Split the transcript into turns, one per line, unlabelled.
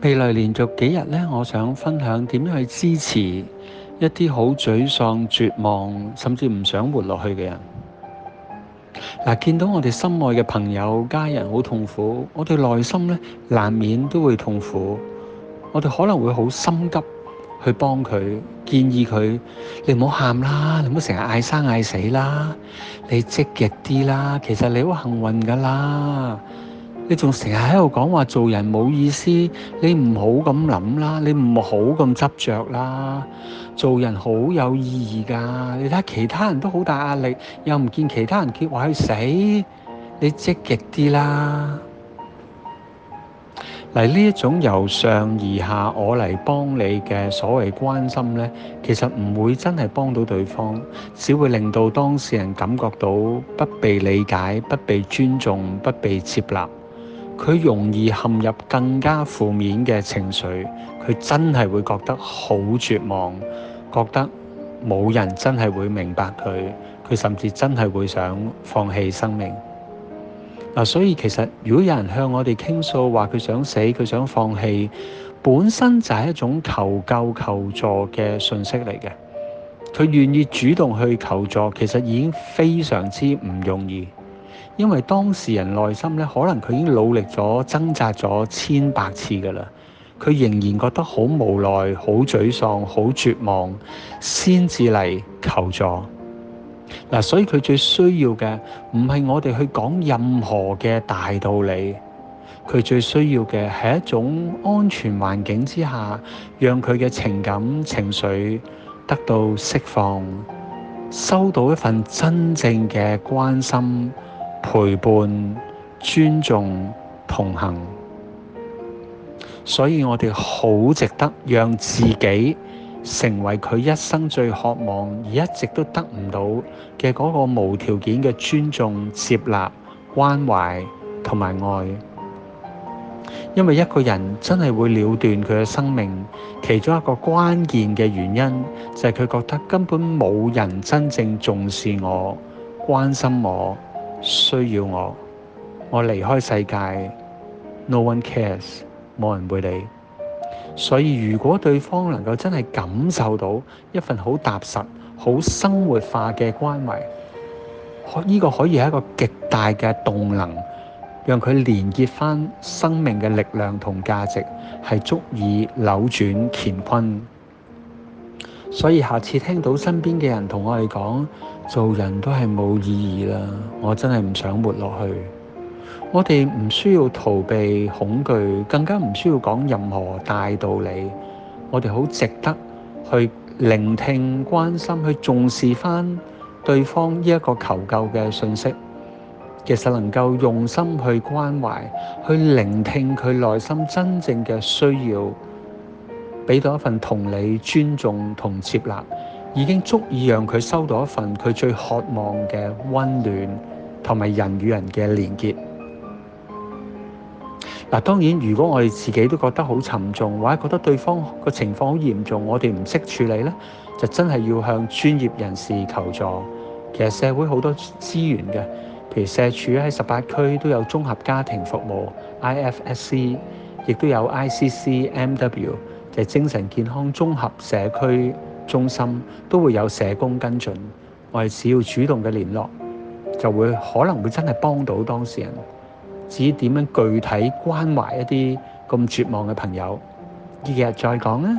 未來連續幾日咧，我想分享點樣去支持一啲好沮喪、絕望甚至唔想活落去嘅人。嗱、啊，見到我哋心愛嘅朋友、家人好痛苦，我哋內心咧難免都會痛苦。我哋可能會好心急去幫佢，建議佢：你唔好喊啦，你唔好成日嗌生嗌死啦，你積極啲啦。其實你好幸運㗎啦。你仲成日喺度講話做人冇意思，你唔好咁諗啦，你唔好咁執着啦。做人好有意義㗎，你睇其他人都好大壓力，又唔見其他人叫話去死，你積極啲啦。嗱，呢一種由上而下我嚟幫你嘅所謂關心呢，其實唔會真係幫到對方，只會令到當事人感覺到不被理解、不被尊重、不被接納。佢容易陷入更加負面嘅情緒，佢真係會覺得好絕望，覺得冇人真係會明白佢，佢甚至真係會想放棄生命。嗱、啊，所以其實如果有人向我哋傾訴話，佢想死、佢想放棄本身就係一種求救求助嘅信息嚟嘅。佢願意主動去求助，其實已經非常之唔容易。因為當事人內心咧，可能佢已經努力咗、掙扎咗千百次噶啦，佢仍然覺得好無奈、好沮喪、好絕望，先至嚟求助。嗱、啊，所以佢最需要嘅唔係我哋去講任何嘅大道理，佢最需要嘅係一種安全環境之下，讓佢嘅情感、情緒得到釋放，收到一份真正嘅關心。陪伴、尊重、同行，所以我哋好值得，讓自己成為佢一生最渴望而一直都得唔到嘅嗰個無條件嘅尊重、接納關懷同埋愛。因為一個人真係會了斷佢嘅生命，其中一個關鍵嘅原因就係，佢覺得根本冇人真正重視我、關心我。需要我，我離開世界，no one cares，冇人會理。所以如果對方能夠真係感受到一份好踏實、好生活化嘅關懷，呢個可以係一個極大嘅動能，讓佢連結返生命嘅力量同價值，係足以扭轉乾坤。所以下次聽到身邊嘅人同我哋講，做人都係冇意義啦，我真係唔想活落去。我哋唔需要逃避恐懼，更加唔需要講任何大道理。我哋好值得去聆聽、關心、去重視翻對方呢一個求救嘅信息。其實能夠用心去關懷、去聆聽佢內心真正嘅需要，俾到一份同理、尊重同接納。已經足以讓佢收到一份佢最渴望嘅溫暖同埋人與人嘅連結。嗱，當然，如果我哋自己都覺得好沉重，或者覺得對方個情況好嚴重，我哋唔識處理咧，就真係要向專業人士求助。其實社會好多資源嘅，譬如社署喺十八區都有綜合家庭服務 （IFSC），亦都有 ICCMW，就係精神健康綜合社區中心都會有社工跟進，我哋只要主動嘅聯絡，就會可能會真係幫到當事人。至於點樣具體關懷一啲咁絕望嘅朋友，呢幾日再講啦。